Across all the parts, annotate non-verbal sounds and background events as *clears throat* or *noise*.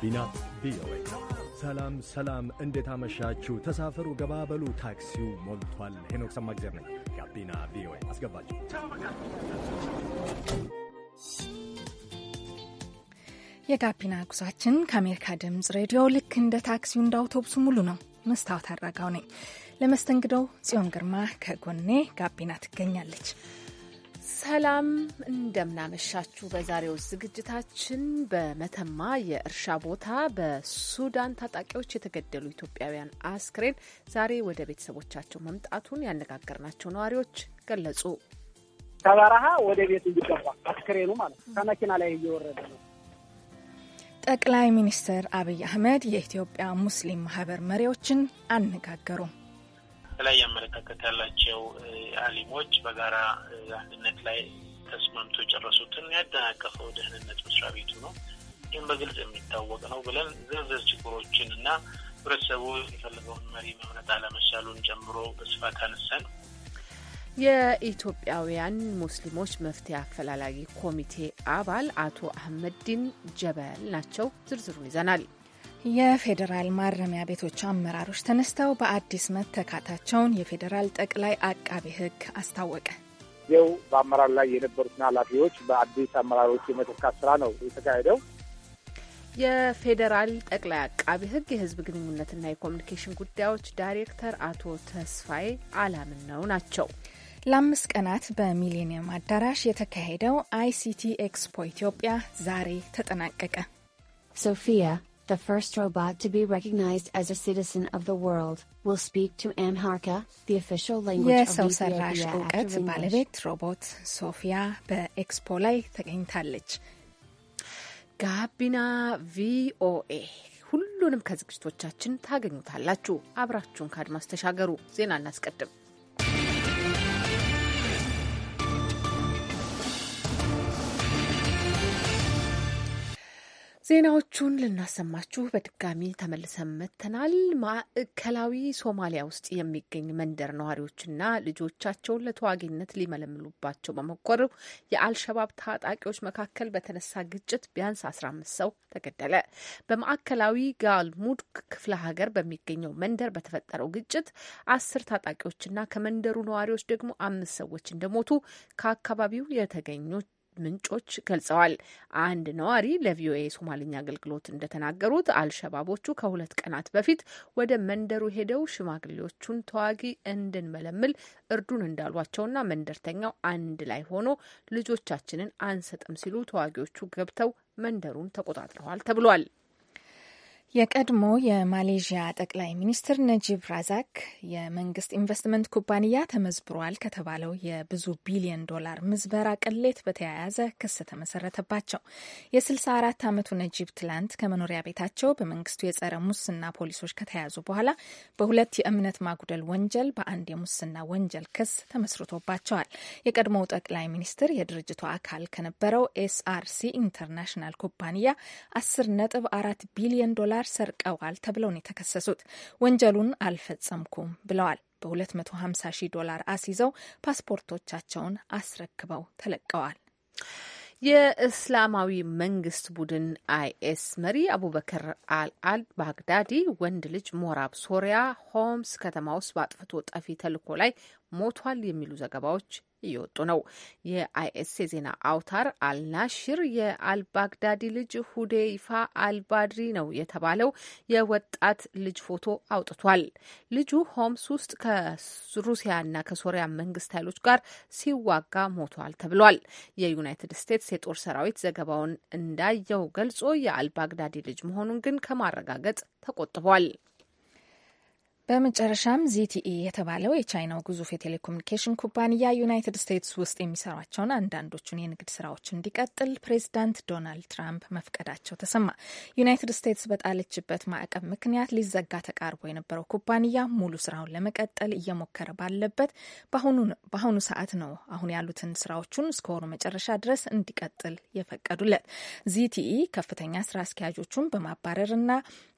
ጋቢና ቪኦኤ። ሰላም ሰላም፣ እንዴት አመሻችሁ? ተሳፈሩ፣ ገባበሉ፣ ታክሲው ሞልቷል። ሄኖክ ሰማግዜር ነኝ። ጋቢና ቪኦኤ ሰላም ሰላም እንዴት አመሻችሁ ተሳፈሩ በሉ ታክሲው ሞልቷል ሄኖክ ሰማግዜር ነኝ ጋቢና ቪኦኤ አስገባችሁ የጋቢና ጉዟችን ከአሜሪካ ድምፅ ሬዲዮ ልክ እንደ ታክሲው እንደ አውቶቡሱ ሙሉ ነው። መስታወት አድራጋው ነኝ። ለመስተንግዶው ጽዮን ግርማ ከጎኔ ጋቢና ትገኛለች። ሰላም እንደምናመሻችሁ። በዛሬው ዝግጅታችን በመተማ የእርሻ ቦታ በሱዳን ታጣቂዎች የተገደሉ ኢትዮጵያውያን አስክሬን ዛሬ ወደ ቤተሰቦቻቸው መምጣቱን ያነጋገርናቸው ነዋሪዎች ገለጹ። ከበረሃ ወደ ቤት እንዲገባ አስክሬኑ ማለት ከመኪና ላይ እየወረደ ነው። ጠቅላይ ሚኒስትር አብይ አህመድ የኢትዮጵያ ሙስሊም ማህበር መሪዎችን አነጋገሩ። የተለያየ አመለካከት ያላቸው አሊሞች በጋራ አንድነት ላይ ተስማምቶ የጨረሱትን ያደናቀፈው ደህንነት መስሪያ ቤቱ ነው። ይህም በግልጽ የሚታወቅ ነው ብለን ዝርዝር ችግሮችን እና ህብረተሰቡ የፈለገውን መሪ መምረጥ አለመቻሉን ጨምሮ በስፋት አነሳን። የኢትዮጵያውያን ሙስሊሞች መፍትሄ አፈላላጊ ኮሚቴ አባል አቶ አህመድዲን ጀበል ናቸው። ዝርዝሩን ይዘናል። የፌዴራል ማረሚያ ቤቶች አመራሮች ተነስተው በአዲስ መተካታቸውን የፌዴራል ጠቅላይ አቃቤ ሕግ አስታወቀ። ው በአመራር ላይ የነበሩትን ኃላፊዎች በአዲስ አመራሮች የመተካት ስራ ነው የተካሄደው። የፌዴራል ጠቅላይ አቃቢ ህግ የህዝብ ግንኙነትና የኮሚኒኬሽን ጉዳዮች ዳይሬክተር አቶ ተስፋዬ ነው ናቸው። ለአምስት ቀናት በሚሌኒየም አዳራሽ የተካሄደው አይሲቲ ኤክስፖ ኢትዮጵያ ዛሬ ተጠናቀቀ። ሶፊያ the first robot to be recognized as a citizen of the world, will speak to Amharka, the official language የሰው ሰራሽ እውቀት ባለቤት ሮቦት ሶፊያ በኤክስፖ ላይ ተገኝታለች። ጋቢና ቪኦኤ ሁሉንም ከዝግጅቶቻችን ታገኙታላችሁ። አብራችሁን ከአድማስ ተሻገሩ። ዜና እናስቀድም። ዜናዎቹን ልናሰማችሁ በድጋሚ ተመልሰን መጥተናል። ማዕከላዊ ሶማሊያ ውስጥ የሚገኝ መንደር ነዋሪዎችና ልጆቻቸውን ለተዋጊነት ሊመለምሉባቸው በመቆሩ የአልሸባብ ታጣቂዎች መካከል በተነሳ ግጭት ቢያንስ አምስት ሰው ተገደለ። በማዕከላዊ ጋልሙድ ክፍለ ሀገር በሚገኘው መንደር በተፈጠረው ግጭት አስር ታጣቂዎችና ከመንደሩ ነዋሪዎች ደግሞ አምስት ሰዎች እንደሞቱ ከአካባቢው የተገኙት ምንጮች ገልጸዋል። አንድ ነዋሪ ለቪኦኤ የሶማልኛ አገልግሎት እንደተናገሩት አልሸባቦቹ ከሁለት ቀናት በፊት ወደ መንደሩ ሄደው ሽማግሌዎቹን ተዋጊ እንድንመለምል እርዱን እንዳሏቸውና መንደርተኛው አንድ ላይ ሆኖ ልጆቻችንን አንሰጥም ሲሉ ተዋጊዎቹ ገብተው መንደሩን ተቆጣጥረዋል ተብሏል። የቀድሞ የማሌዥያ ጠቅላይ ሚኒስትር ነጂብ ራዛክ የመንግስት ኢንቨስትመንት ኩባንያ ተመዝብሯል ከተባለው የብዙ ቢሊዮን ዶላር ምዝበራ ቅሌት በተያያዘ ክስ ተመሰረተባቸው። የ64 ዓመቱ ነጂብ ትላንት ከመኖሪያ ቤታቸው በመንግስቱ የጸረ ሙስና ፖሊሶች ከተያዙ በኋላ በሁለት የእምነት ማጉደል ወንጀል፣ በአንድ የሙስና ወንጀል ክስ ተመስርቶባቸዋል። የቀድሞው ጠቅላይ ሚኒስትር የድርጅቱ አካል ከነበረው ኤስአርሲ ኢንተርናሽናል ኩባንያ 10 ነጥብ 4 ቢሊዮን ዶላር ዶላር ሰርቀዋል ተብለው ነው የተከሰሱት። ወንጀሉን አልፈጸምኩም ብለዋል። በ250 ሺህ ዶላር አስይዘው ፓስፖርቶቻቸውን አስረክበው ተለቀዋል። የእስላማዊ መንግስት ቡድን አይኤስ መሪ አቡበከር አልአል ባግዳዲ ወንድ ልጅ ሞራብ ሶሪያ ሆምስ ከተማ ውስጥ በአጥፍቶ ጠፊ ተልዕኮ ላይ ሞቷል የሚሉ ዘገባዎች እየወጡ ነው። የአይኤስ የዜና አውታር አልናሽር የአልባግዳዲ ልጅ ሁዴይፋ አልባድሪ ነው የተባለው የወጣት ልጅ ፎቶ አውጥቷል። ልጁ ሆምስ ውስጥ ከሩሲያና ከሶሪያ መንግስት ኃይሎች ጋር ሲዋጋ ሞቷል ተብሏል። የዩናይትድ ስቴትስ የጦር ሰራዊት ዘገባውን እንዳየው ገልጾ የአልባግዳዲ ልጅ መሆኑን ግን ከማረጋገጥ ተቆጥቧል። በመጨረሻም ዚቲኢ የተባለው የቻይናው ግዙፍ የቴሌኮሙኒኬሽን ኩባንያ ዩናይትድ ስቴትስ ውስጥ የሚሰሯቸውን አንዳንዶቹን የንግድ ስራዎች እንዲቀጥል ፕሬዚዳንት ዶናልድ ትራምፕ መፍቀዳቸው ተሰማ። ዩናይትድ ስቴትስ በጣለችበት ማዕቀብ ምክንያት ሊዘጋ ተቃርቦ የነበረው ኩባንያ ሙሉ ስራውን ለመቀጠል እየሞከረ ባለበት በአሁኑ ሰዓት ነው አሁን ያሉትን ስራዎቹን እስከ ወሩ መጨረሻ ድረስ እንዲቀጥል የፈቀዱለት። ዚቲኢ ከፍተኛ ስራ አስኪያጆቹን በማባረርና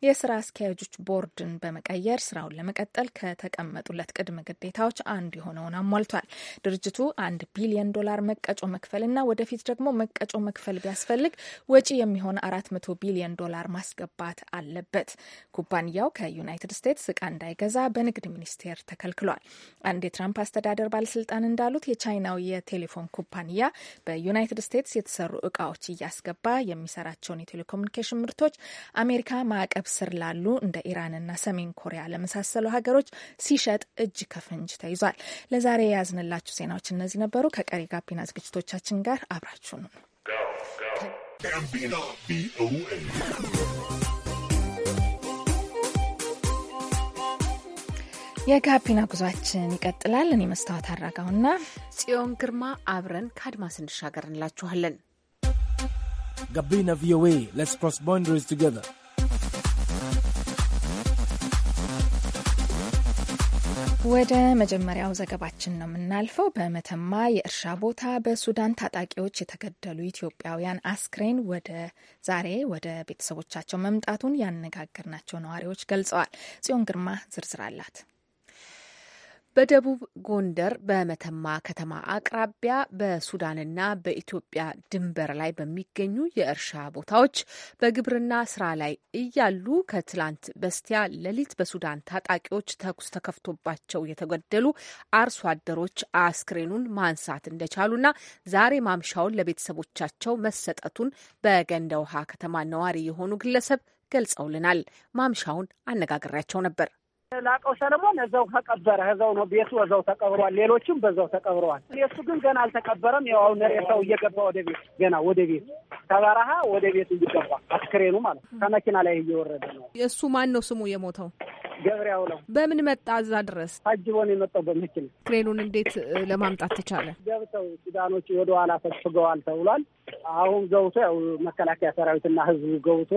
የስራ አስኪያጆች ቦርድን በመቀየር ስራውን ለመቀጠል ከተቀመጡለት ቅድመ ግዴታዎች አንዱ የሆነውን አሟልቷል። ድርጅቱ አንድ ቢሊዮን ዶላር መቀጮ መክፈልና ወደፊት ደግሞ መቀጮ መክፈል ቢያስፈልግ ወጪ የሚሆን አራት መቶ ቢሊዮን ዶላር ማስገባት አለበት። ኩባንያው ከዩናይትድ ስቴትስ እቃ እንዳይገዛ በንግድ ሚኒስቴር ተከልክሏል። አንድ የትራምፕ አስተዳደር ባለስልጣን እንዳሉት የቻይናው የቴሌፎን ኩባንያ በዩናይትድ ስቴትስ የተሰሩ እቃዎች እያስገባ የሚሰራቸውን የቴሌኮሙኒኬሽን ምርቶች አሜሪካ ማዕቀብ ስር ላሉ እንደ ኢራንና ሰሜን ኮሪያ ለመሳሰሉ በመሳሰሉ ሀገሮች ሲሸጥ እጅ ከፍንጅ ተይዟል። ለዛሬ የያዝንላችሁ ዜናዎች እነዚህ ነበሩ። ከቀሪ ጋቢና ዝግጅቶቻችን ጋር አብራችሁ ነው። የጋቢና ጉዟችን ይቀጥላል። እኔ መስታወት አራጋውና ጽዮን ግርማ አብረን ከአድማስ እንሻገር እንላችኋለን። ጋቢና ቪኦኤ ሌትስ ክሮስ ቦንደሪስ ቱጌዘር ወደ መጀመሪያው ዘገባችን ነው የምናልፈው። በመተማ የእርሻ ቦታ በሱዳን ታጣቂዎች የተገደሉ ኢትዮጵያውያን አስክሬን ወደ ዛሬ ወደ ቤተሰቦቻቸው መምጣቱን ያነጋገርናቸው ነዋሪዎች ገልጸዋል። ጽዮን ግርማ ዝርዝር አላት። በደቡብ ጎንደር በመተማ ከተማ አቅራቢያ በሱዳንና በኢትዮጵያ ድንበር ላይ በሚገኙ የእርሻ ቦታዎች በግብርና ስራ ላይ እያሉ ከትላንት በስቲያ ሌሊት በሱዳን ታጣቂዎች ተኩስ ተከፍቶባቸው የተገደሉ አርሶ አደሮች አስክሬኑን ማንሳት እንደቻሉና ዛሬ ማምሻውን ለቤተሰቦቻቸው መሰጠቱን በገንደ ውሃ ከተማ ነዋሪ የሆኑ ግለሰብ ገልጸውልናል። ማምሻውን አነጋግሬያቸው ነበር። ላቀው ሰለሞን እዛው ተቀበረ። እዛው ነው ቤቱ፣ እዛው ተቀብሯል። ሌሎችም በዛው ተቀብረዋል። የሱ ግን ገና አልተቀበረም። ያው አሁን ሬሳው እየገባ ወደ ቤት ገና ወደ ቤት ከበረሃ ወደ ቤት እየገባ አስክሬኑ ማለት ከመኪና ላይ እየወረደ ነው። እሱ ማን ነው ስሙ የሞተው? ገብሪያው ነው። በምን መጣ እዛ ድረስ? አጅቦን የመጣው በመኪና። ክሬኑን እንዴት ለማምጣት ተቻለ? ገብተው ሱዳኖች ወደ ኋላ ፈፍገዋል ተብሏል። አሁን ገብቶ ያው መከላከያ ሰራዊትና ህዝቡ ገብቶ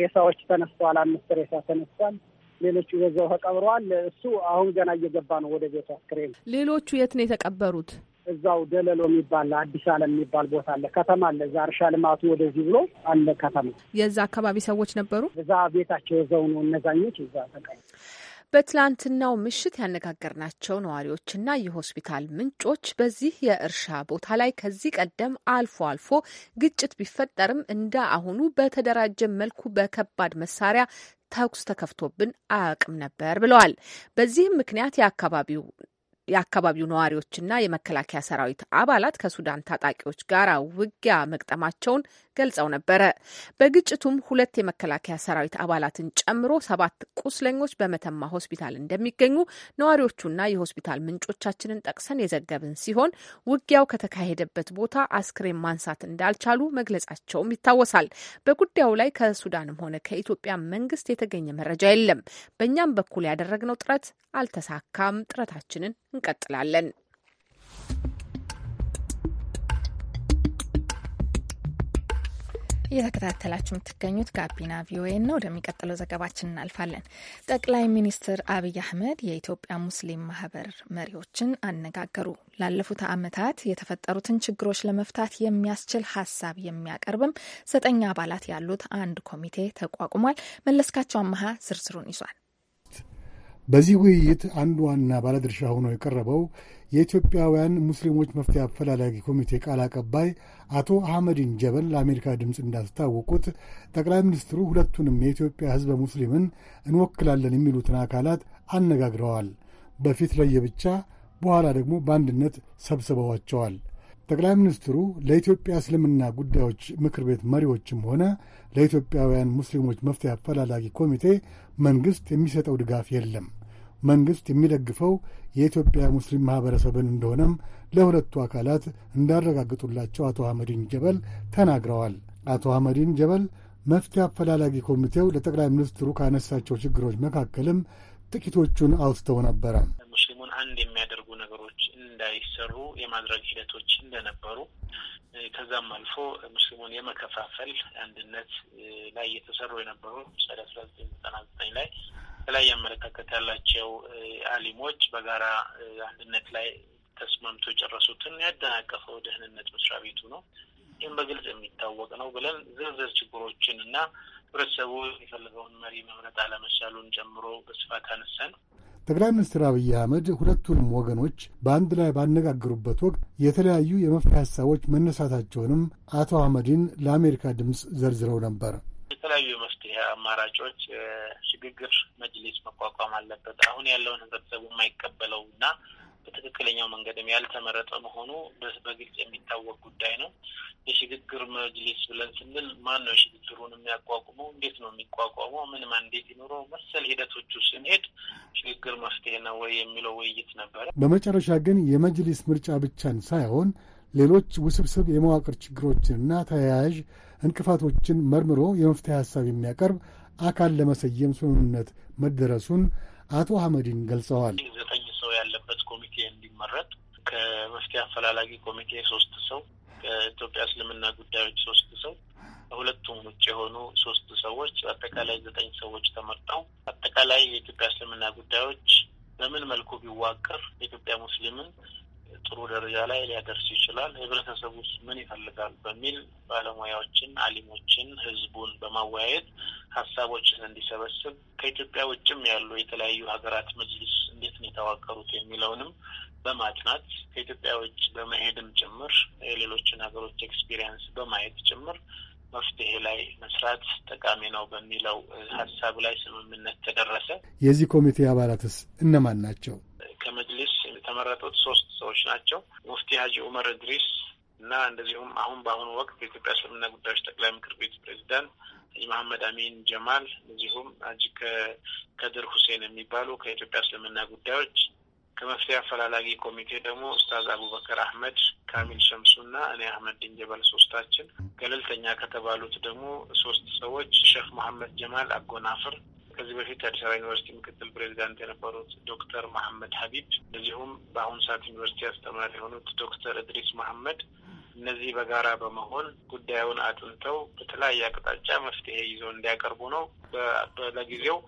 ሬሳዎች ተነስተዋል። አምስት ሬሳ ተነስቷል። ሌሎቹ በዛው ተቀብረዋል። እሱ አሁን ገና እየገባ ነው ወደ ቤቱ አስክሬን። ሌሎቹ የት ነው የተቀበሩት? እዛው ደለሎ የሚባል አዲስ አለም የሚባል ቦታ አለ፣ ከተማ አለ። እዛ እርሻ ልማቱ ወደዚህ ብሎ አለ ከተማ። የዛ አካባቢ ሰዎች ነበሩ። እዛ ቤታቸው እዛው ነው። እነዛኞች እዛ ተቀ በትላንትናው ምሽት ያነጋገርናቸው ነዋሪዎችና የሆስፒታል ምንጮች በዚህ የእርሻ ቦታ ላይ ከዚህ ቀደም አልፎ አልፎ ግጭት ቢፈጠርም እንደ አሁኑ በተደራጀ መልኩ በከባድ መሳሪያ ተኩስ ተከፍቶብን አያውቅም ነበር ብለዋል። በዚህም ምክንያት የአካባቢው የአካባቢው ነዋሪዎችና የመከላከያ ሰራዊት አባላት ከሱዳን ታጣቂዎች ጋር ውጊያ መግጠማቸውን ገልጸው ነበረ። በግጭቱም ሁለት የመከላከያ ሰራዊት አባላትን ጨምሮ ሰባት ቁስለኞች በመተማ ሆስፒታል እንደሚገኙ ነዋሪዎቹና የሆስፒታል ምንጮቻችንን ጠቅሰን የዘገብን ሲሆን ውጊያው ከተካሄደበት ቦታ አስክሬን ማንሳት እንዳልቻሉ መግለጻቸውም ይታወሳል። በጉዳዩ ላይ ከሱዳንም ሆነ ከኢትዮጵያ መንግስት የተገኘ መረጃ የለም። በእኛም በኩል ያደረግነው ጥረት አልተሳካም። ጥረታችንን እንቀጥላለን። እየተከታተላችሁ የምትገኙት ጋቢና ቪኦኤ ነው። ወደሚቀጥለው ዘገባችን እናልፋለን። ጠቅላይ ሚኒስትር አብይ አህመድ የኢትዮጵያ ሙስሊም ማህበር መሪዎችን አነጋገሩ። ላለፉት ዓመታት የተፈጠሩትን ችግሮች ለመፍታት የሚያስችል ሀሳብ የሚያቀርብም ዘጠኝ አባላት ያሉት አንድ ኮሚቴ ተቋቁሟል። መለስካቸው አመሀ ዝርዝሩን ይዟል። በዚህ ውይይት አንድ ዋና ባለድርሻ ሆኖ የቀረበው የኢትዮጵያውያን ሙስሊሞች መፍትሄ አፈላላጊ ኮሚቴ ቃል አቀባይ አቶ አህመዲን ጀበል ለአሜሪካ ድምፅ እንዳስታወቁት ጠቅላይ ሚኒስትሩ ሁለቱንም የኢትዮጵያ ሕዝበ ሙስሊምን እንወክላለን የሚሉትን አካላት አነጋግረዋል። በፊት ለየብቻ፣ በኋላ ደግሞ በአንድነት ሰብስበዋቸዋል። ጠቅላይ ሚኒስትሩ ለኢትዮጵያ እስልምና ጉዳዮች ምክር ቤት መሪዎችም ሆነ ለኢትዮጵያውያን ሙስሊሞች መፍትሄ አፈላላጊ ኮሚቴ መንግሥት የሚሰጠው ድጋፍ የለም። መንግሥት የሚደግፈው የኢትዮጵያ ሙስሊም ማኅበረሰብን እንደሆነም ለሁለቱ አካላት እንዳረጋግጡላቸው አቶ አህመዲን ጀበል ተናግረዋል። አቶ አህመዲን ጀበል መፍትሄ አፈላላጊ ኮሚቴው ለጠቅላይ ሚኒስትሩ ካነሳቸው ችግሮች መካከልም ጥቂቶቹን አውስተው ነበረ። ሙስሊሙን አንድ የሚያደርጉ ነገሮች እንዲሰሩ የማድረግ ሂደቶች እንደነበሩ ከዛም አልፎ ሙስሊሙን የመከፋፈል አንድነት ላይ እየተሰሩ የነበሩ ምሳሌ አስራ ዘጠኝ ዘጠና ዘጠኝ ላይ የተለያየ አመለካከት ያላቸው አሊሞች በጋራ አንድነት ላይ ተስማምቶ የጨረሱትን ያደናቀፈው ደህንነት መስሪያ ቤቱ ነው። ይህም በግልጽ የሚታወቅ ነው ብለን ዝርዝር ችግሮችን እና ህብረተሰቡ የፈለገውን መሪ መምረጥ አለመቻሉን ጨምሮ በስፋት አነሳን። ጠቅላይ ሚኒስትር አብይ አህመድ ሁለቱንም ወገኖች በአንድ ላይ ባነጋገሩበት ወቅት የተለያዩ የመፍትሄ ሀሳቦች መነሳታቸውንም አቶ አህመድን ለአሜሪካ ድምፅ ዘርዝረው ነበር። የተለያዩ የመፍትሄ አማራጮች ሽግግር መጅሊስ መቋቋም አለበት። አሁን ያለውን ህብረተሰቡ የማይቀበለው እና በትክክለኛው መንገድም ያልተመረጠ መሆኑ በግልጽ የሚታወቅ ጉዳይ ነው። የሽግግር መጅሊስ ብለን ስንል ማን ነው ሽግግሩን የሚያቋቁመው? እንዴት ነው የሚቋቋመው? ምን እንዴት ይኖረው? መሰል ሂደቶቹ ስንሄድ ሽግግር መፍትሄ ነው ወይ የሚለው ውይይት ነበረ። በመጨረሻ ግን የመጅሊስ ምርጫ ብቻን ሳይሆን ሌሎች ውስብስብ የመዋቅር ችግሮችንና ተያያዥ እንቅፋቶችን መርምሮ የመፍትሄ ሀሳብ የሚያቀርብ አካል ለመሰየም ስምምነት መደረሱን አቶ አህመዲን ገልጸዋል። ዘጠኝ ሰው ያለበት ኮሚቴ እንዲመረጥ ከመፍትሄ አፈላላጊ ኮሚቴ ሶስት ሰው ከኢትዮጵያ እስልምና ጉዳዮች ሶስት ሰው ከሁለቱም ውጭ የሆኑ ሶስት ሰዎች አጠቃላይ ዘጠኝ ሰዎች ተመርጠው አጠቃላይ የኢትዮጵያ እስልምና ጉዳዮች በምን መልኩ ቢዋቀር የኢትዮጵያ ሙስሊምን ጥሩ ደረጃ ላይ ሊያደርስ ይችላል፣ ውስጥ ምን ይፈልጋል በሚል ባለሙያዎችን፣ አሊሞችን፣ ህዝቡን በማወያየት ሀሳቦችን እንዲሰበስብ ከኢትዮጵያ ውጭም ያሉ የተለያዩ ሀገራት መጅሊስ እንዴት ነው የተዋቀሩት የሚለውንም በማጥናት ከኢትዮጵያ ውጭ በመሄድም ጭምር የሌሎችን ሀገሮች ኤክስፒሪየንስ በማየት ጭምር መፍትሄ ላይ መስራት ጠቃሚ ነው በሚለው ሀሳብ ላይ ስምምነት ተደረሰ። የዚህ ኮሚቴ አባላትስ እነማን ናቸው? ከመጅሊስ የተመረጡት ሶስት ሰዎች ናቸው። ሙፍቲ ሀጂ ኡመር እድሪስ እና እንደዚሁም አሁን በአሁኑ ወቅት የኢትዮጵያ እስልምና ጉዳዮች ጠቅላይ ምክር ቤት ፕሬዚዳንት ሀጂ መሐመድ አሚን ጀማል እንደዚሁም ሀጂ ከድር ሁሴን የሚባሉ ከኢትዮጵያ እስልምና ጉዳዮች ከመፍትሄ አፈላላጊ ኮሚቴ ደግሞ ኡስታዝ አቡበከር አህመድ፣ ካሚል እና እኔ አህመድ ድንጀበል ሶስታችን። ገለልተኛ ከተባሉት ደግሞ ሶስት ሰዎች ሼክ መሐመድ ጀማል አጎናፍር ከዚህ በፊት የአዲስ አበባ ዩኒቨርሲቲ ምክትል ፕሬዚዳንት የነበሩት ዶክተር መሐመድ ሀቢብ እንደዚሁም በአሁኑ ሰዓት ዩኒቨርሲቲ አስተማሪ የሆኑት ዶክተር እድሪስ መሐመድ እነዚህ በጋራ በመሆን ጉዳዩን አጥንተው በተለያየ አቅጣጫ መፍትሄ ይዘው እንዲያቀርቡ ነው። ለጊዜው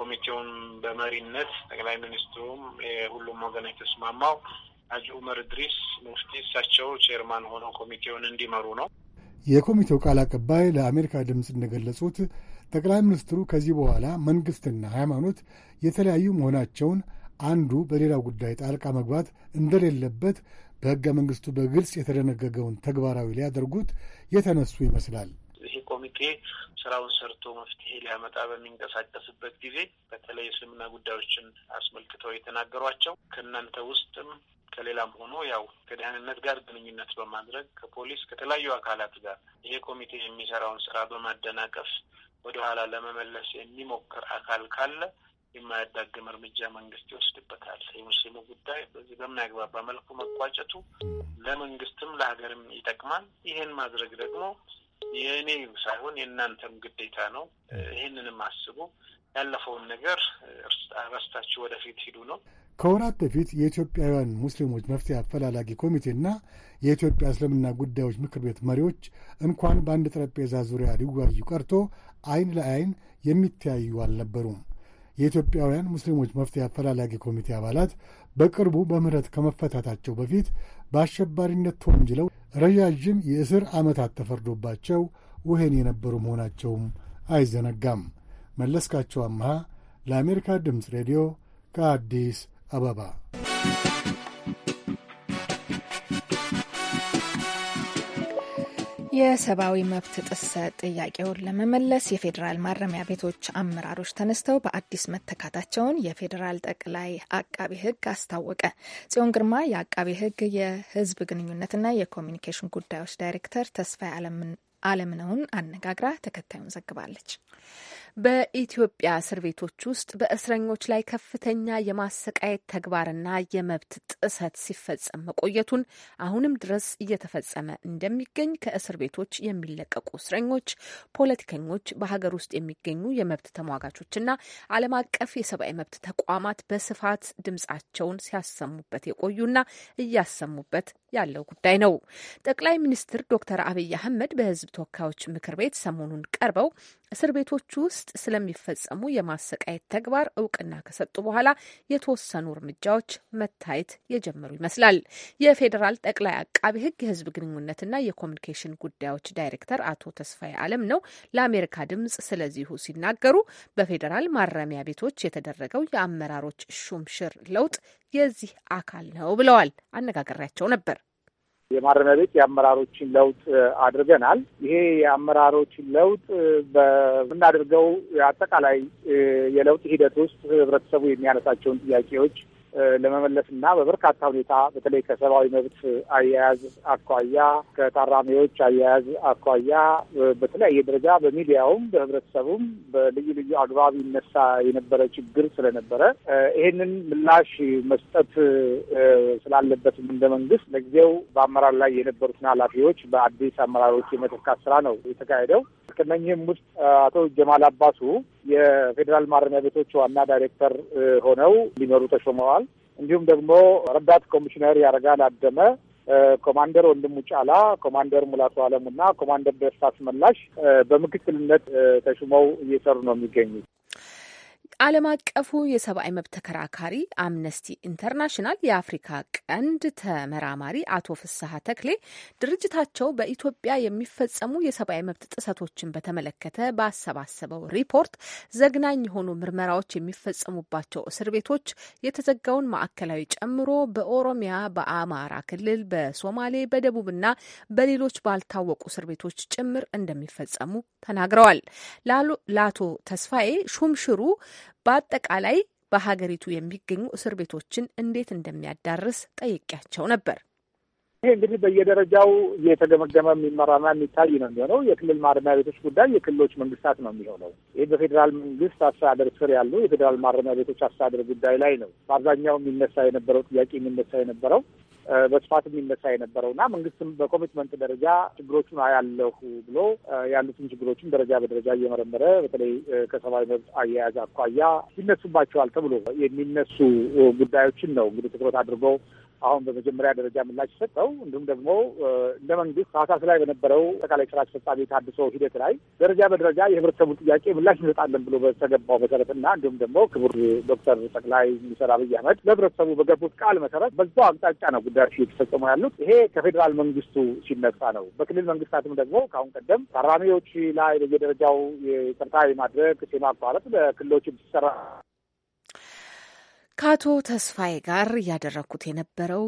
ኮሚቴውን በመሪነት ጠቅላይ ሚኒስትሩም የሁሉም ወገን የተስማማው ሀጂ ኡመር እድሪስ ሙፍቲ እሳቸው ቼርማን ሆነው ኮሚቴውን እንዲመሩ ነው። የኮሚቴው ቃል አቀባይ ለአሜሪካ ድምፅ እንደገለጹት ጠቅላይ ሚኒስትሩ ከዚህ በኋላ መንግሥትና ሃይማኖት የተለያዩ መሆናቸውን አንዱ በሌላው ጉዳይ ጣልቃ መግባት እንደሌለበት በሕገ መንግሥቱ በግልጽ የተደነገገውን ተግባራዊ ሊያደርጉት የተነሱ ይመስላል። ይሄ ኮሚቴ ስራውን ሰርቶ መፍትሄ ሊያመጣ በሚንቀሳቀስበት ጊዜ በተለይ የስልምና ጉዳዮችን አስመልክተው የተናገሯቸው ከእናንተ ውስጥም ከሌላም ሆኖ ያው ከደህንነት ጋር ግንኙነት በማድረግ ከፖሊስ ከተለያዩ አካላት ጋር ይሄ ኮሚቴ የሚሰራውን ስራ በማደናቀፍ ወደኋላ ለመመለስ የሚሞክር አካል ካለ የማያዳግም እርምጃ መንግስት ይወስድበታል። የሙስሊሙ ጉዳይ በዚህ በማያግባባ መልኩ መቋጨቱ ለመንግስትም ለሀገርም ይጠቅማል። ይህን ማድረግ ደግሞ የእኔ ሳይሆን የእናንተም ግዴታ ነው። ይህንንም አስቡ። ያለፈውን ነገር ረስታችሁ ወደፊት ሂዱ ነው። ከወራት በፊት የኢትዮጵያውያን ሙስሊሞች መፍትሄ አፈላላጊ ኮሚቴና የኢትዮጵያ እስልምና ጉዳዮች ምክር ቤት መሪዎች እንኳን በአንድ ጠረጴዛ ዙሪያ ሊወያዩ ቀርቶ አይን ለአይን የሚተያዩ አልነበሩም። የኢትዮጵያውያን ሙስሊሞች መፍትሄ አፈላላጊ ኮሚቴ አባላት በቅርቡ በምህረት ከመፈታታቸው በፊት በአሸባሪነት ተወንጅለው ረዣዥም የእስር ዓመታት ተፈርዶባቸው ውህን የነበሩ መሆናቸውም አይዘነጋም። መለስካቸው አምሃ ለአሜሪካ ድምፅ ሬዲዮ ከአዲስ አበባ የሰብአዊ መብት ጥሰት ጥያቄውን ለመመለስ የፌዴራል ማረሚያ ቤቶች አመራሮች ተነስተው በአዲስ መተካታቸውን የፌዴራል ጠቅላይ አቃቢ ሕግ አስታወቀ። ጽዮን ግርማ የአቃቢ ሕግ የሕዝብ ግንኙነትና የኮሚኒኬሽን ጉዳዮች ዳይሬክተር ተስፋ አለምነውን አነጋግራ ተከታዩን ዘግባለች። በኢትዮጵያ እስር ቤቶች ውስጥ በእስረኞች ላይ ከፍተኛ የማሰቃየት ተግባርና የመብት ጥሰት ሲፈጸም መቆየቱን አሁንም ድረስ እየተፈጸመ እንደሚገኝ ከእስር ቤቶች የሚለቀቁ እስረኞች፣ ፖለቲከኞች፣ በሀገር ውስጥ የሚገኙ የመብት ተሟጋቾችና ዓለም አቀፍ የሰብአዊ መብት ተቋማት በስፋት ድምጻቸውን ሲያሰሙበት የቆዩና እያሰሙበት ያለው ጉዳይ ነው። ጠቅላይ ሚኒስትር ዶክተር አብይ አህመድ በህዝብ ተወካዮች ምክር ቤት ሰሞኑን ቀርበው እስር ቤቶች ውስጥ ውስጥ ስለሚፈጸሙ የማሰቃየት ተግባር እውቅና ከሰጡ በኋላ የተወሰኑ እርምጃዎች መታየት የጀመሩ ይመስላል። የፌዴራል ጠቅላይ አቃቢ ሕግ የህዝብ ግንኙነትና የኮሚኒኬሽን ጉዳዮች ዳይሬክተር አቶ ተስፋዬ አለም ነው ለአሜሪካ ድምጽ ስለዚሁ ሲናገሩ በፌዴራል ማረሚያ ቤቶች የተደረገው የአመራሮች ሹምሽር ለውጥ የዚህ አካል ነው ብለዋል። አነጋገሪያቸው ነበር። የማረሚያ ቤት የአመራሮችን ለውጥ አድርገናል። ይሄ የአመራሮችን ለውጥ በምናደርገው አጠቃላይ የለውጥ ሂደት ውስጥ ህብረተሰቡ የሚያነሳቸውን ጥያቄዎች ለመመለስ እና በበርካታ ሁኔታ በተለይ ከሰብአዊ መብት አያያዝ አኳያ፣ ከታራሚዎች አያያዝ አኳያ በተለያየ ደረጃ በሚዲያውም በህብረተሰቡም በልዩ ልዩ አግባብ ይነሳ የነበረ ችግር ስለነበረ ይህንን ምላሽ መስጠት ስላለበትም እንደ መንግስት ለጊዜው በአመራር ላይ የነበሩትን ኃላፊዎች በአዲስ አመራሮች የመተካት ስራ ነው የተካሄደው። ከነኚህም ውስጥ አቶ ጀማል አባሱ የፌዴራል ማረሚያ ቤቶች ዋና ዳይሬክተር ሆነው ሊኖሩ ተሾመዋል። እንዲሁም ደግሞ ረዳት ኮሚሽነር ያረጋል አደመ ኮማንደር ወንድሙ ጫላ፣ ኮማንደር ሙላቱ አለሙና ኮማንደር ደስታ አስመላሽ በምክትልነት ተሹመው እየሰሩ ነው የሚገኙት። ዓለም አቀፉ የሰብአዊ መብት ተከራካሪ አምነስቲ ኢንተርናሽናል የአፍሪካ ቀንድ ተመራማሪ አቶ ፍስሀ ተክሌ ድርጅታቸው በኢትዮጵያ የሚፈጸሙ የሰብአዊ መብት ጥሰቶችን በተመለከተ ባሰባሰበው ሪፖርት ዘግናኝ የሆኑ ምርመራዎች የሚፈጸሙባቸው እስር ቤቶች የተዘጋውን ማዕከላዊ ጨምሮ በኦሮሚያ፣ በአማራ ክልል፣ በሶማሌ፣ በደቡብና በሌሎች ባልታወቁ እስር ቤቶች ጭምር እንደሚፈጸሙ ተናግረዋል። ለአቶ ተስፋዬ ሹምሽሩ በአጠቃላይ በሀገሪቱ የሚገኙ እስር ቤቶችን እንዴት እንደሚያዳርስ ጠይቄያቸው ነበር። ይህ እንግዲህ በየደረጃው እየተገመገመ የሚመራና የሚታይ ነው የሚሆነው። የክልል ማረሚያ ቤቶች ጉዳይ የክልሎች መንግስታት ነው የሚሆነው። ይህ በፌዴራል መንግስት አስተዳደር ስር ያሉ የፌዴራል ማረሚያ ቤቶች አስተዳደር ጉዳይ ላይ ነው በአብዛኛው የሚነሳ የነበረው ጥያቄ የሚነሳ የነበረው በስፋት የሚነሳ የነበረው እና መንግስትም በኮሚትመንት ደረጃ ችግሮቹን አያለሁ ብሎ ያሉትን ችግሮችን ደረጃ በደረጃ እየመረመረ በተለይ ከሰብአዊ መብት አያያዝ አኳያ ይነሱባቸዋል ተብሎ የሚነሱ ጉዳዮችን ነው እንግዲህ ትኩረት አድርጎ አሁን በመጀመሪያ ደረጃ ምላሽ ሰጠው። እንዲሁም ደግሞ እንደ መንግስት ታህሳስ ላይ በነበረው አጠቃላይ ስራ አስፈጻሚ ታድሶ ሂደት ላይ ደረጃ በደረጃ የህብረተሰቡን ጥያቄ ምላሽ እንሰጣለን ብሎ በተገባው መሰረትና እንዲሁም ደግሞ ክቡር ዶክተር ጠቅላይ ሚኒስትር አብይ አህመድ ለህብረተሰቡ በገቡት ቃል መሰረት በዛው አቅጣጫ ነው ጉዳዮች እየተፈጸሙ ያሉት። ይሄ ከፌዴራል መንግስቱ ሲነሳ ነው። በክልል መንግስታትም ደግሞ ከአሁን ቀደም ታራሚዎች ላይ በየደረጃው ይቅርታ የማድረግ የማቋረጥ ለክልሎችም ሲሰራ ከአቶ ተስፋዬ ጋር እያደረግኩት የነበረው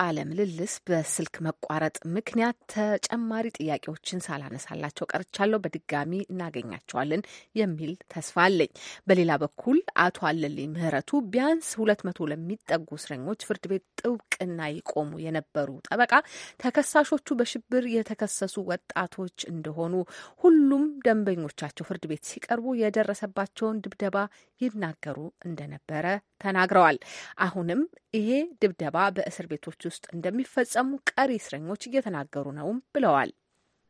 ቃለ ምልልስ በስልክ መቋረጥ ምክንያት ተጨማሪ ጥያቄዎችን ሳላነሳላቸው ቀርቻለሁ። በድጋሚ እናገኛቸዋለን የሚል ተስፋ አለኝ። በሌላ በኩል አቶ አለልኝ ምህረቱ ቢያንስ ሁለት መቶ ለሚጠጉ እስረኞች ፍርድ ቤት ጥብቅና ይቆሙ የነበሩ ጠበቃ ተከሳሾቹ በሽብር የተከሰሱ ወጣቶች እንደሆኑ ሁሉም ደንበኞቻቸው ፍርድ ቤት ሲቀርቡ የደረሰባቸውን ድብደባ ይናገሩ እንደነበረ ተናግረዋል። ተናግረዋል። አሁንም ይሄ ድብደባ በእስር ቤቶች ውስጥ እንደሚፈጸሙ ቀሪ እስረኞች እየተናገሩ ነውም ብለዋል።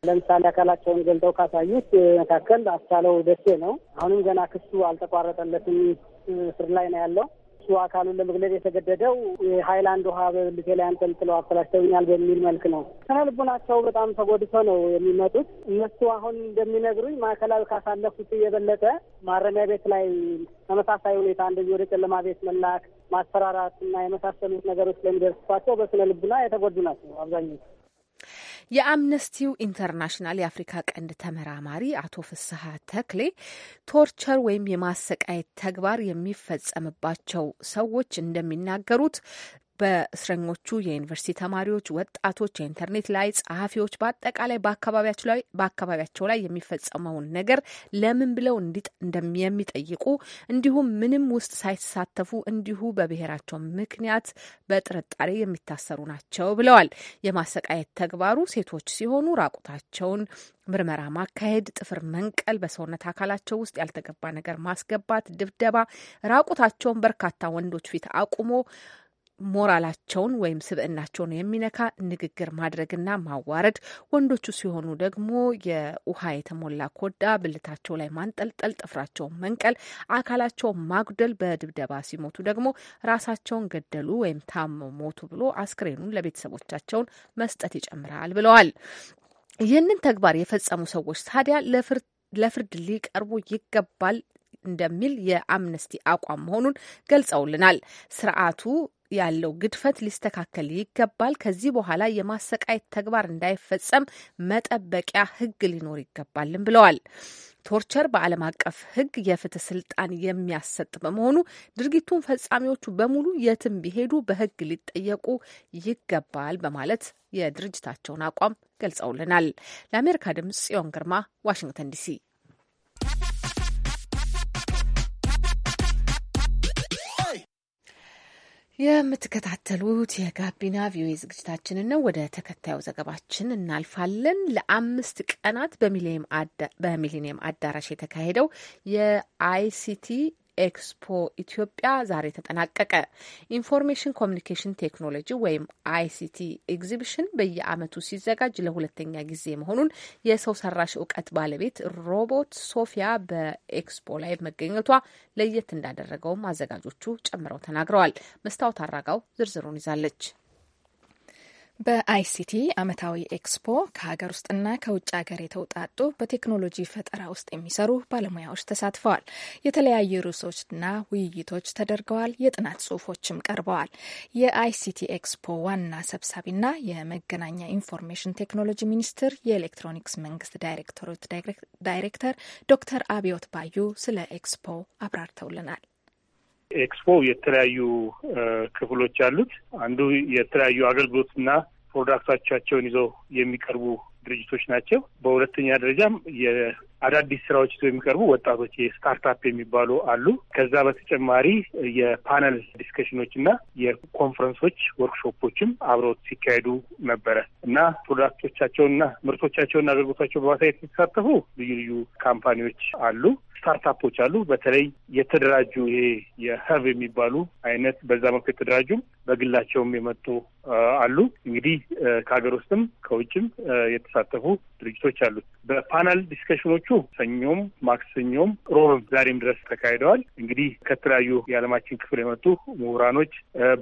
ለምሳሌ አካላቸውን ገልጠው ካሳዩት መካከል አስቻለው ደሴ ነው። አሁንም ገና ክሱ አልተቋረጠለትም፣ እስር ላይ ነው ያለው። እሱ አካሉን ለመግለጽ የተገደደው የሀይላንድ ውሃ በብልቴ ላይ አንጠልጥለው አፈላሽተውኛል በሚል መልክ ነው። ስነ ልቡናቸው በጣም ተጎድቶ ነው የሚመጡት። እነሱ አሁን እንደሚነግሩኝ ማዕከላዊ ካሳለፉት የበለጠ ማረሚያ ቤት ላይ ተመሳሳይ ሁኔታ እንደዚህ ወደ ጨለማ ቤት መላክ፣ ማስፈራራት እና የመሳሰሉት ነገሮች ስለሚደርስባቸው በስነ ልቡና የተጎዱ ናቸው አብዛኞቹ። የአምነስቲው ኢንተርናሽናል የአፍሪካ ቀንድ ተመራማሪ አቶ ፍስሀ ተክሌ ቶርቸር ወይም የማሰቃየት ተግባር የሚፈጸምባቸው ሰዎች እንደሚናገሩት በእስረኞቹ የዩኒቨርሲቲ ተማሪዎች፣ ወጣቶች፣ የኢንተርኔት ላይ ጸሐፊዎች በአጠቃላይ በአካባቢያቸው ላይ የሚፈጸመውን ነገር ለምን ብለው እንደሚጠይቁ እንዲሁም ምንም ውስጥ ሳይሳተፉ እንዲሁ በብሔራቸው ምክንያት በጥርጣሬ የሚታሰሩ ናቸው ብለዋል። የማሰቃየት ተግባሩ ሴቶች ሲሆኑ ራቁታቸውን ምርመራ ማካሄድ፣ ጥፍር መንቀል፣ በሰውነት አካላቸው ውስጥ ያልተገባ ነገር ማስገባት፣ ድብደባ፣ ራቁታቸውን በርካታ ወንዶች ፊት አቁሞ ሞራላቸውን ወይም ስብዕናቸውን የሚነካ ንግግር ማድረግና ማዋረድ፣ ወንዶቹ ሲሆኑ ደግሞ የውሃ የተሞላ ኮዳ ብልታቸው ላይ ማንጠልጠል፣ ጥፍራቸውን መንቀል፣ አካላቸውን ማጉደል፣ በድብደባ ሲሞቱ ደግሞ ራሳቸውን ገደሉ ወይም ታመው ሞቱ ብሎ አስክሬኑን ለቤተሰቦቻቸውን መስጠት ይጨምራል ብለዋል። ይህንን ተግባር የፈጸሙ ሰዎች ታዲያ ለፍርድ ሊቀርቡ ይገባል እንደሚል የአምነስቲ አቋም መሆኑን ገልጸውልናል። ስርዓቱ ያለው ግድፈት ሊስተካከል ይገባል። ከዚህ በኋላ የማሰቃየት ተግባር እንዳይፈጸም መጠበቂያ ህግ ሊኖር ይገባልም ብለዋል። ቶርቸር በዓለም አቀፍ ህግ የፍትህ ስልጣን የሚያሰጥ በመሆኑ ድርጊቱን ፈጻሚዎቹ በሙሉ የትም ቢሄዱ በህግ ሊጠየቁ ይገባል በማለት የድርጅታቸውን አቋም ገልጸውልናል። ለአሜሪካ ድምጽ ጽዮን ግርማ ዋሽንግተን ዲሲ የምትከታተሉት የጋቢና ቪኦኤ ዝግጅታችንን ነው። ወደ ተከታዩ ዘገባችን እናልፋለን። ለአምስት ቀናት በሚሊኒየም አዳራሽ የተካሄደው የአይሲቲ ኤክስፖ ኢትዮጵያ ዛሬ ተጠናቀቀ። ኢንፎርሜሽን ኮሚኒኬሽን ቴክኖሎጂ ወይም አይሲቲ ኤግዚቢሽን በየዓመቱ ሲዘጋጅ ለሁለተኛ ጊዜ መሆኑን የሰው ሰራሽ እውቀት ባለቤት ሮቦት ሶፊያ በኤክስፖ ላይ መገኘቷ ለየት እንዳደረገውም አዘጋጆቹ ጨምረው ተናግረዋል። መስታወት አራጋው ዝርዝሩን ይዛለች። በአይሲቲ ዓመታዊ ኤክስፖ ከሀገር ውስጥና ከውጭ ሀገር የተውጣጡ በቴክኖሎጂ ፈጠራ ውስጥ የሚሰሩ ባለሙያዎች ተሳትፈዋል። የተለያዩ ርዕሶችና ውይይቶች ተደርገዋል። የጥናት ጽሁፎችም ቀርበዋል። የአይሲቲ ኤክስፖ ዋና ሰብሳቢና የመገናኛ ኢንፎርሜሽን ቴክኖሎጂ ሚኒስቴር የኤሌክትሮኒክስ መንግስት ዳይሬክቶሬት ዳይሬክተር ዶክተር አብዮት ባዩ ስለ ኤክስፖ አብራርተውልናል። ኤክስፖ የተለያዩ ክፍሎች አሉት። አንዱ የተለያዩ አገልግሎትና ፕሮዳክቶቻቸውን ይዘው የሚቀርቡ ድርጅቶች ናቸው። በሁለተኛ ደረጃም የአዳዲስ ስራዎች ይዘው የሚቀርቡ ወጣቶች የስታርታፕ የሚባሉ አሉ። ከዛ በተጨማሪ የፓነል ዲስከሽኖች እና የኮንፈረንሶች ወርክሾፖችም አብረው ሲካሄዱ ነበረ እና ፕሮዳክቶቻቸውንና ምርቶቻቸውና አገልግሎታቸው በማሳየት የተሳተፉ ልዩ ልዩ ካምፓኒዎች አሉ። ስታርታፖች አሉ። በተለይ የተደራጁ ይሄ የሀብ የሚባሉ አይነት በዛ መልኩ የተደራጁም በግላቸውም የመጡ አሉ። እንግዲህ ከሀገር ውስጥም ከውጭም የተሳተፉ ድርጅቶች አሉ። በፓናል ዲስከሽኖቹ ሰኞም፣ ማክሰኞም፣ ሮብም ዛሬም ድረስ ተካሂደዋል። እንግዲህ ከተለያዩ የዓለማችን ክፍል የመጡ ምሁራኖች፣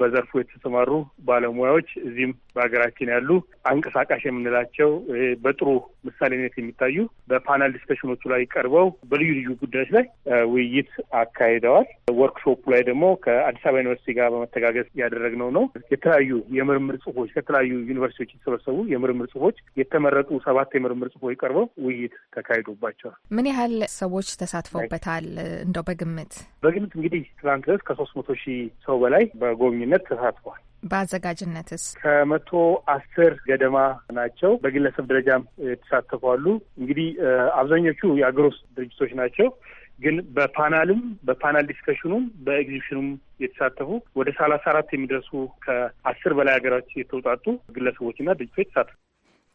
በዘርፉ የተሰማሩ ባለሙያዎች፣ እዚህም በሀገራችን ያሉ አንቀሳቃሽ የምንላቸው በጥሩ ምሳሌነት የሚታዩ በፓናል ዲስከሽኖቹ ላይ ቀርበው በልዩ ልዩ ጉዳዮች ላይ ውይይት አካሂደዋል። ወርክሾፕ ላይ ደግሞ ከአዲስ አበባ ዩኒቨርሲቲ ጋር በመተጋገዝ ያደረግነው ነው። የተለያዩ የምርምር ጽሁፎች ከተለያዩ ዩኒቨርሲቲዎች የተሰበሰቡ የምርምር ጽሁፎች የተመረጡ ሰባት የምርምር ጽሁፎች ቀርበው ውይይት ተካሂዶባቸዋል። ምን ያህል ሰዎች ተሳትፈውበታል? እንደው በግምት በግምት እንግዲህ ትላንት ድረስ ከሶስት መቶ ሺህ ሰው በላይ በጎብኝነት ተሳትፏል። በአዘጋጅነትስ ከመቶ አስር ገደማ ናቸው። በግለሰብ ደረጃም የተሳተፉ አሉ። እንግዲህ አብዛኞቹ የአገር ውስጥ ድርጅቶች ናቸው። ግን በፓናልም በፓናል ዲስከሽኑም በኤግዚቢሽኑም የተሳተፉ ወደ ሰላሳ አራት የሚደርሱ ከአስር በላይ ሀገሮች የተውጣጡ ግለሰቦችና ድርጅቶች ተሳተፉ።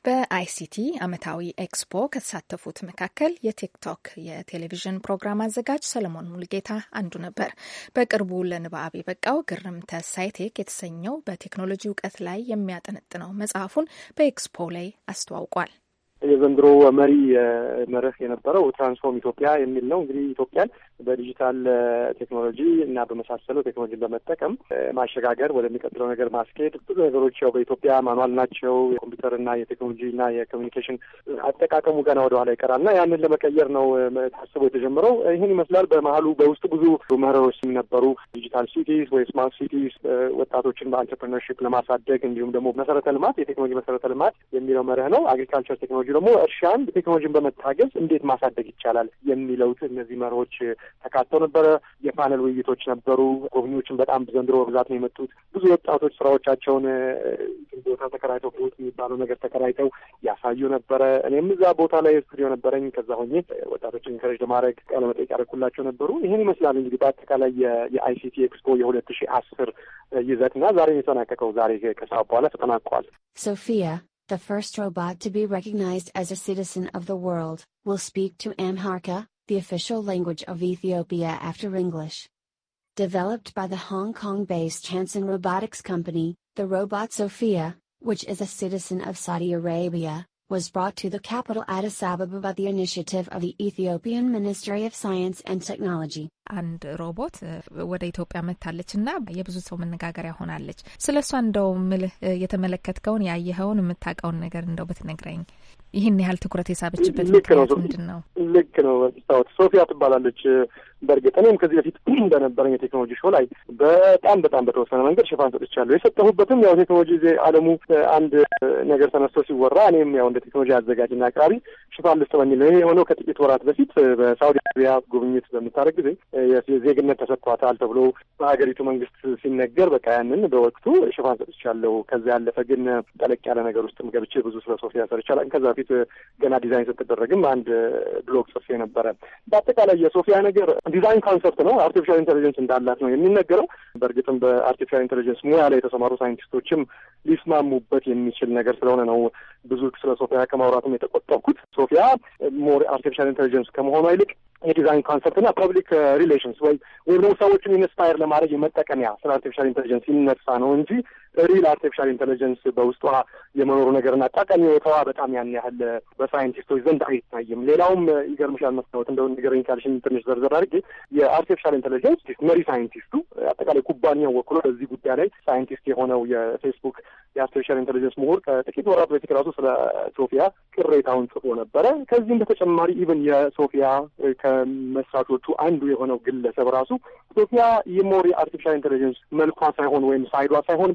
በአይሲቲ ዓመታዊ ኤክስፖ ከተሳተፉት መካከል የቲክቶክ የቴሌቪዥን ፕሮግራም አዘጋጅ ሰለሞን ሙልጌታ አንዱ ነበር። በቅርቡ ለንባብ የበቃው ግርምተ ሳይቴክ የተሰኘው በቴክኖሎጂ እውቀት ላይ የሚያጠነጥነው መጽሐፉን በኤክስፖ ላይ አስተዋውቋል። የዘንድሮ መሪ መርህ የነበረው ትራንስፎርም ኢትዮጵያ የሚል ነው። እንግዲህ ኢትዮጵያን በዲጂታል ቴክኖሎጂ እና በመሳሰሉ ቴክኖሎጂን በመጠቀም ማሸጋገር ወደሚቀጥለው ነገር ማስኬድ ብዙ ነገሮች ያው በኢትዮጵያ ማኗል ናቸው። የኮምፒውተርና የቴክኖሎጂና የኮሚኒኬሽን አጠቃቀሙ ገና ወደኋላ ይቀራል እና ያንን ለመቀየር ነው ታስቦ የተጀመረው። ይህን ይመስላል። በመሀሉ በውስጡ ብዙ ምህረሮች የሚነበሩ ዲጂታል ሲቲስ ወይ ስማርት ሲቲስ ወጣቶችን በአንትርፕርነርሽፕ ለማሳደግ እንዲሁም ደግሞ መሰረተ ልማት የቴክኖሎጂ መሰረተ ልማት የሚለው መርህ ነው። አግሪካልቸር ቴክኖሎጂ ደግሞ እርሻን ቴክኖሎጂን በመታገዝ እንዴት ማሳደግ ይቻላል የሚለውት እነዚህ መርሆች ተካተው ነበረ። የፓነል ውይይቶች ነበሩ። ጎብኚዎችን በጣም ዘንድሮ በብዛት ነው የመጡት። ብዙ ወጣቶች ስራዎቻቸውን ቦታ ተከራይተው ቦት የሚባለው ነገር ተከራይተው ያሳዩ ነበረ። እኔም እዛ ቦታ ላይ ስቱዲዮ ነበረኝ። ከዛ ሆኜ ወጣቶች ኢንከሬጅ ለማድረግ ቃለ መጠይቅ ያደረኩላቸው ነበሩ። ይህን ይመስላል እንግዲህ በአጠቃላይ የአይሲቲ ኤክስፖ የሁለት ሺህ አስር ይዘት እና ዛሬ የተጠናቀቀው ዛሬ ከሰዓት በኋላ ተጠናቋል። ሶፊያ The first robot to be recognized as a citizen of the world will speak to Amharka, the official language of Ethiopia after English. Developed by the Hong Kong based Hanson Robotics Company, the robot Sophia, which is a citizen of Saudi Arabia, was brought to the capital Addis Ababa by the initiative of the Ethiopian Ministry of Science and Technology. አንድ ሮቦት ወደ ኢትዮጵያ መታለች እና የብዙ ሰው መነጋገሪያ ሆናለች። ስለ እሷ እንደው ምልህ የተመለከትከውን ያየኸውን የምታውቀውን ነገር እንደው ብትነግረኝ። ይህን ያህል ትኩረት የሳበችበት ምክንያት ምንድን ነው? ልክ ነው መስታወት ሶፊያ ትባላለች። በእርግጥ እኔም ከዚህ በፊት እንደነበረኝ *clears throat* የቴክኖሎጂ ሾው ላይ በጣም በጣም በተወሰነ መንገድ ሽፋን ሰጥቻለሁ። የሰጠሁበትም ያው ቴክኖሎጂ ዜ አለሙ አንድ ነገር ተነስቶ ሲወራ እኔም ያው እንደ ቴክኖሎጂ አዘጋጅና አቅራቢ ሽፋን ልስጥ በሚል ነው። ይሄ የሆነው ከጥቂት ወራት በፊት በሳውዲ አረቢያ ጉብኝት በምታደርግ ጊዜ ዜግነት ተሰጥቷታል ተብሎ በሀገሪቱ መንግስት ሲነገር በቃ ያንን በወቅቱ ሽፋን ሰጥቻለሁ። ከዚ ያለፈ ግን ጠለቅ ያለ ነገር ውስጥም ገብቼ ብዙ ስለ ሶፊያ ሰርቻለሁ። ከዛ በፊት ገና ዲዛይን ስትደረግም አንድ ብሎግ ጽፌ ነበረ። በአጠቃላይ የሶፊያ ነገር ዲዛይን ኮንሰፕት ነው። አርቲፊሻል ኢንቴሊጀንስ እንዳላት ነው የሚነገረው። በእርግጥም በአርቲፊሻል ኢንቴሊጀንስ ሙያ ላይ የተሰማሩ ሳይንቲስቶችም ሊስማሙበት የሚችል ነገር ስለሆነ ነው ብዙ ስለ ሶፊያ ከማውራትም የተቆጠብኩት። ሶፊያ ሞር አርቲፊሻል ኢንቴሊጀንስ ከመሆኗ ይልቅ የዲዛይን ኮንሰፕት እና ፐብሊክ ሪሌሽንስ ወይ ወይም ደግሞ ሰዎችን ኢንስፓየር ለማድረግ የመጠቀሚያ ስለ አርቲፊሻል ኢንቴሊጀንስ ይነሳ ነው እንጂ ሪል አርቲፊሻል ኢንቴሊጀንስ በውስጧ የመኖሩ ነገርና ጠቀሜታዋ በጣም ያን ያህል uh, በሳይንቲስቶች ዘንድ አይታይም። ሌላውም uh, ይገርምሻል መስታወት እንደሆነ ንገረኝ ካልሽኝ ትንሽ ዘርዘር አድርጌ የአርቲፊሻል ኢንቴሊጀንስ መሪ ሳይንቲስቱ አጠቃላይ ኩባንያው ወክሎ በዚህ ጉዳይ ላይ ሳይንቲስት የሆነው የፌስቡክ የአርቲፊሻል ኢንቴሊጀንስ ምሁር ከጥቂት ወራት በፊት ራሱ ስለ ሶፊያ ቅሬታውን ጽፎ ነበረ። ከዚህም በተጨማሪ ኢቨን የሶፊያ ከመስራቾቹ አንዱ የሆነው ግለሰብ ራሱ ሶፊያ የሞር የአርቲፊሻል ኢንቴሊጀንስ መልኳ ሳይሆን ወይም ሳይዷ ሳይሆን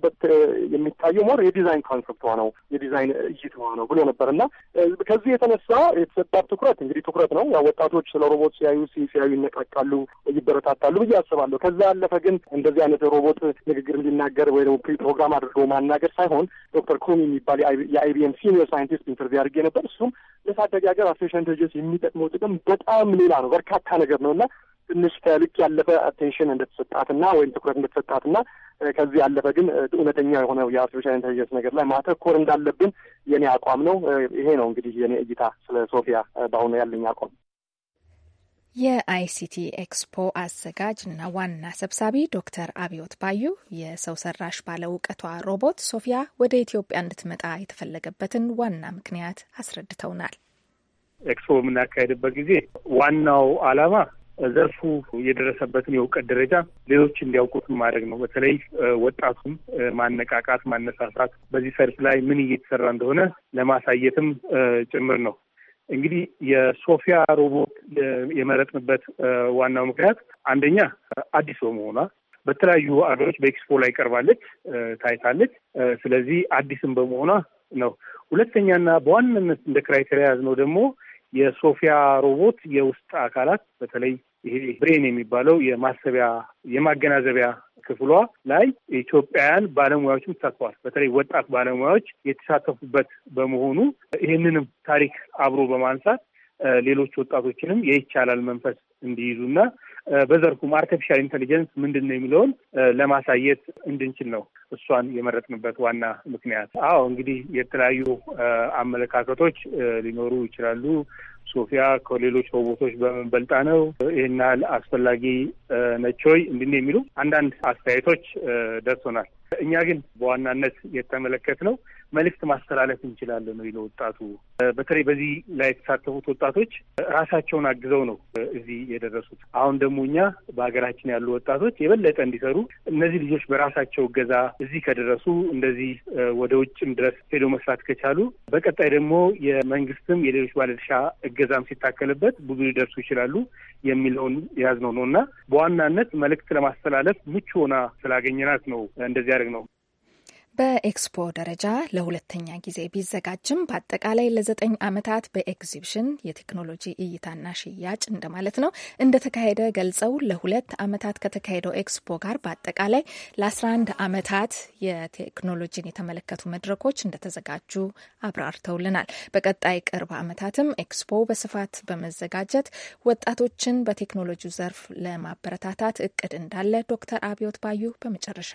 የሚታየው ሞር የዲዛይን ኮንሰፕቷ ነው፣ የዲዛይን እይታዋ ነው ብሎ ነበር እና ከዚህ የተነሳ የተሰጣት ትኩረት እንግዲህ ትኩረት ነው። ያው ወጣቶች ስለ ሮቦት ሲያዩ ሲያዩ ይነቃቃሉ፣ ይበረታታሉ ብዬ አስባለሁ። ከዛ ያለፈ ግን እንደዚህ አይነት ሮቦት ንግግር እንዲናገር ወይ ደግሞ ፕሪፕሮግራም አድርገው ማናገር ሳይሆን ሳይሆን ዶክተር ኮሚ የሚባል የአይቢኤም ሲኒየር ሳይንቲስት ኢንተርቪው አድርጌ ነበር። እሱም ለታዳጊ ሀገር አርቲፊሻል ኢንቴሊጀንስ የሚጠቅመው ጥቅም በጣም ሌላ ነው፣ በርካታ ነገር ነው እና ትንሽ ከልክ ያለፈ አቴንሽን እንደተሰጣትና ወይም ትኩረት እንደተሰጣትና ከዚህ ያለፈ ግን እውነተኛ የሆነው የአርቲፊሻል ኢንቴሊጀንስ ነገር ላይ ማተኮር እንዳለብን የኔ አቋም ነው። ይሄ ነው እንግዲህ የኔ እይታ ስለ ሶፊያ በአሁኑ ያለኝ አቋም። የአይሲቲ ኤክስፖ አዘጋጅ እና ዋና ሰብሳቢ ዶክተር አብዮት ባዩ የሰው ሰራሽ ባለ እውቀቷ ሮቦት ሶፊያ ወደ ኢትዮጵያ እንድትመጣ የተፈለገበትን ዋና ምክንያት አስረድተውናል። ኤክስፖ በምናካሄድበት ጊዜ ዋናው ዓላማ ዘርፉ የደረሰበትን የእውቀት ደረጃ ሌሎች እንዲያውቁት ማድረግ ነው። በተለይ ወጣቱን ማነቃቃት፣ ማነሳሳት በዚህ ሰርፍ ላይ ምን እየተሰራ እንደሆነ ለማሳየትም ጭምር ነው። እንግዲህ የሶፊያ ሮቦት የመረጥንበት ዋናው ምክንያት አንደኛ አዲስ በመሆኗ በተለያዩ አገሮች በኤክስፖ ላይ ቀርባለች፣ ታይታለች። ስለዚህ አዲስም በመሆኗ ነው። ሁለተኛና በዋናነት እንደ ክራይቴሪያ ያዝነው ደግሞ የሶፊያ ሮቦት የውስጥ አካላት በተለይ ይሄ ብሬን የሚባለው የማሰቢያ የማገናዘቢያ ክፍሏ ላይ ኢትዮጵያውያን ባለሙያዎችም ተሳትፈዋል። በተለይ ወጣት ባለሙያዎች የተሳተፉበት በመሆኑ ይህንንም ታሪክ አብሮ በማንሳት ሌሎች ወጣቶችንም የይቻላል መንፈስ እንዲይዙና በዘርፉ አርቲፊሻል ኢንቴሊጀንስ ምንድን ነው የሚለውን ለማሳየት እንድንችል ነው እሷን የመረጥንበት ዋና ምክንያት። አዎ እንግዲህ የተለያዩ አመለካከቶች ሊኖሩ ይችላሉ። ሶፊያ ከሌሎች ሮቦቶች በምን በልጣ ነው? ይህን ያህል አስፈላጊ ነች ወይ? የሚሉ አንዳንድ አስተያየቶች ደርሶናል። እኛ ግን በዋናነት የተመለከት ነው መልእክት ማስተላለፍ እንችላለን ወይ ለወጣቱ በተለይ በዚህ ላይ የተሳተፉት ወጣቶች ራሳቸውን አግዘው ነው እዚህ የደረሱት። አሁን ደግሞ እኛ በሀገራችን ያሉ ወጣቶች የበለጠ እንዲሰሩ እነዚህ ልጆች በራሳቸው እገዛ እዚህ ከደረሱ እንደዚህ ወደ ውጭም ድረስ ሄዶ መስራት ከቻሉ በቀጣይ ደግሞ የመንግስትም የሌሎች ባለድርሻ እገዛም ሲታከልበት ብዙ ሊደርሱ ይችላሉ የሚለውን የያዝነው ነው እና በዋናነት መልእክት ለማስተላለፍ ምቹ ሆና ስላገኘናት ነው እንደዚህ የሚያደርግ ነው። በኤክስፖ ደረጃ ለሁለተኛ ጊዜ ቢዘጋጅም በአጠቃላይ ለዘጠኝ ዓመታት በኤግዚቢሽን የቴክኖሎጂ እይታና ሽያጭ እንደማለት ነው እንደተካሄደ ገልጸው ለሁለት ዓመታት ከተካሄደው ኤክስፖ ጋር በአጠቃላይ ለ11 ዓመታት የቴክኖሎጂን የተመለከቱ መድረኮች እንደተዘጋጁ አብራርተውልናል። በቀጣይ ቅርብ ዓመታትም ኤክስፖ በስፋት በመዘጋጀት ወጣቶችን በቴክኖሎጂ ዘርፍ ለማበረታታት እቅድ እንዳለ ዶክተር አብዮት ባዩ በመጨረሻ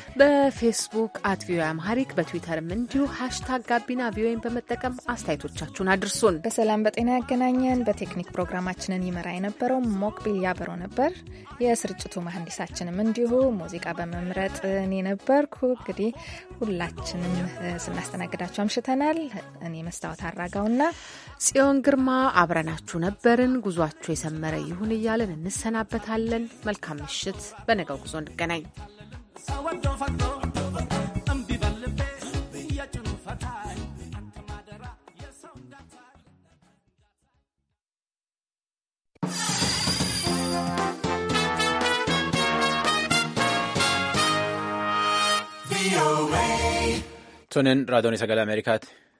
በፌስቡክ አት ቪኦኤ አምሃሪክ በትዊተርም እንዲሁ ሀሽታግ ጋቢና ቪኦኤን በመጠቀም አስተያየቶቻችሁን አድርሱን። በሰላም በጤና ያገናኘን። በቴክኒክ ፕሮግራማችንን ይመራ የነበረው ሞክቢል ያበረው ነበር። የስርጭቱ መሀንዲሳችንም እንዲሁ ሙዚቃ በመምረጥ እኔ ነበርኩ። እንግዲህ ሁላችንም ስናስተናግዳችሁ አምሽተናል። እኔ መስታወት አራጋውና ጽዮን ግርማ አብረናችሁ ነበርን። ጉዟችሁ የሰመረ ይሁን እያለን እንሰናበታለን። መልካም ምሽት። በነገው ጉዞ እንገናኝ። Tunin raadiyoon sagalee Ameerikaati.